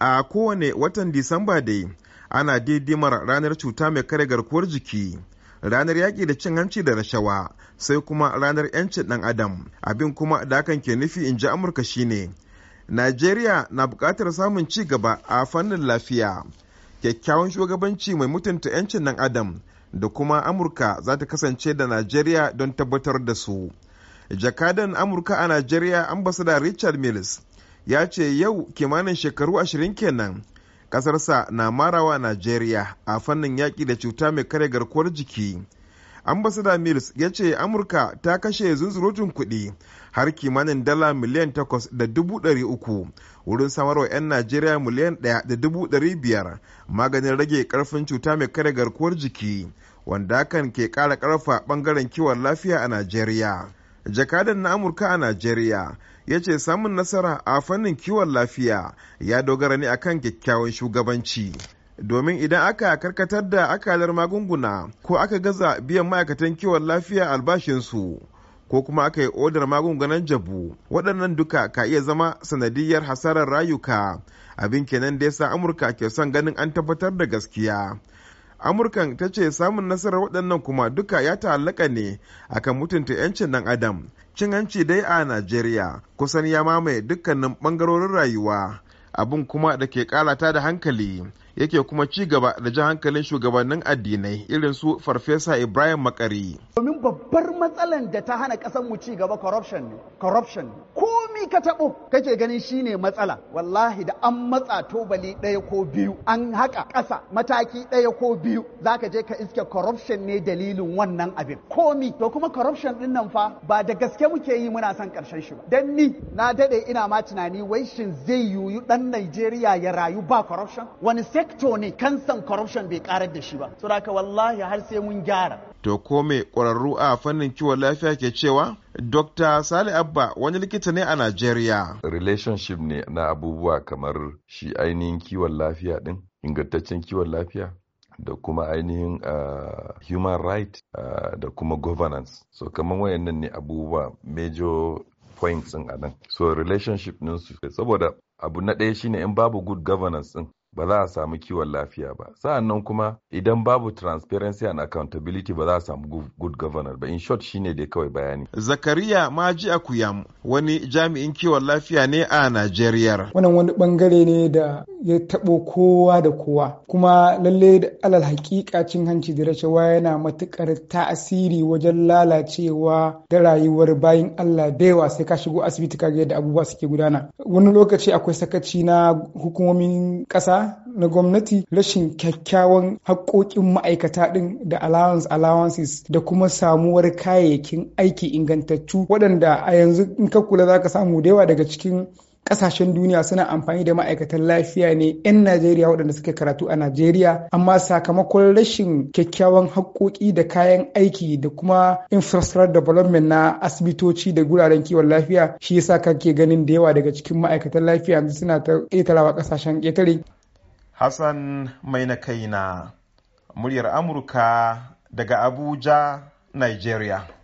a kowane watan disamba dai ana didimar ranar cuta mai kare garkuwar jiki ranar yaƙi da cin hanci da rashawa sai kuma ranar 'yancin ɗan adam abin kuma da hakan ke nufi in ji amurka shine najeriya na buƙatar samun ci gaba a fannin lafiya kyakkyawan shugabanci mai mutunta 'yancin ɗan adam da kuma amurka za ta kasance da najeriya don tabbatar da su jakadan amurka a najeriya ambasada richard mills ya ce yau kimanin shekaru ashirin kenan kasarsa na marawa Najeriya a fannin yaƙi da cuta mai kare garkuwar jiki. ambasada mills ya ce amurka ta kashe zunzurutun kuɗi har kimanin dala miliyan takwas da dubu ɗari uku wurin samarwa 'yan najeriya miliyan ɗaya da dubu ɗari biyar maganin rage karfin cuta mai kare garkuwar jiki wanda kan ke ƙara ƙarfa ɓangaren kiwon lafiya a najeriya jakadan na amurka a najeriya ya ce samun nasara a fannin kiwon lafiya ya dogara ne akan kyakkyawan shugabanci domin idan aka karkatar da akalar magunguna ko aka gaza biyan ma'aikatan kiwon lafiya albashinsu ko kuma aka yi odar magungunan jabu waɗannan duka ka iya zama sanadiyar hasarar rayuka abin kenan da yasa amurka ke son ganin an tabbatar da gaskiya amurkan ta ce samun nasarar waɗannan kuma duka ya ta'allaka ne akan mutunta 'yancin ɗan adam cin hanci dai a najeriya kusan ya mamaye dukkanin ɓangarorin rayuwa abin kuma da ke karata da hankali yake kuma ci gaba da ji hankalin shugabannin addinai irin su farfesa ibrahim makari domin babbar matsalar da ta hana ƙasar mu ci gaba corruption ne corruption ko komi ka taɓo kake ganin shine matsala wallahi da an matsa tobali ɗaya ko biyu an haƙa ƙasa mataki ɗaya ko biyu za ka je ka iske corruption ne dalilin wannan abin komi to kuma corruption ɗin nan fa ba da gaske muke yi muna son ƙarshen shi ba dan ni na daɗe ina ma tunani wai shin zai yiwu ɗan Najeriya ya rayu ba corruption wani sector ne kansan corruption bai ƙarar da shi ba saboda wallahi har sai mun gyara To ko mai ƙwararru a fannin kiwon lafiya ke cewa? Dr. Sale Abba wani likita ne a Najeriya. Relationship ne na abubuwa kamar shi ainihin kiwon lafiya din, ingantaccen kiwon lafiya. da kuma ainihin ah, human right uh, da kuma governance so kamar wayannan ne abubuwa major points din a nan so relationship ɗinsu saboda abu na ɗaya shine in babu good governance din ba za a samu kiwon lafiya ba sa'annan kuma idan babu transparency and accountability ba za a samu good governor ba in short shine dai kawai bayani zakariya maji akuyam wani jami'in kiwon lafiya ne a najeriya wannan wani bangare ne da ya taɓo kowa da kowa kuma lalle da alal hakika cin hanci da rashawa yana matuƙar ta'asiri wajen lalacewa da rayuwar bayan Allah da yawa sai ka shigo asibiti ka ga yadda abubuwa suke gudana wani lokaci akwai sakaci na hukumomin ƙasa na gwamnati rashin kyakkyawan haƙoƙin ma'aikata ɗin da allowance allowances da kuma samuwar kayayyakin aiki ingantattu waɗanda a yanzu in ka kula za ka samu da yawa daga cikin kasashen duniya suna amfani da ma'aikatan lafiya ne 'yan najeriya waɗanda suke karatu a najeriya amma sakamakon rashin kyakkyawan haƙƙoƙi da kayan aiki da kuma infrastructure development na asibitoci da guraren kiwon lafiya shi yasa ke ganin da yawa daga cikin ma'aikatan lafiya yanzu suna ta ƙetarawa kasashen ƙetare hassan mai na kaina muryar amurka daga abuja nigeria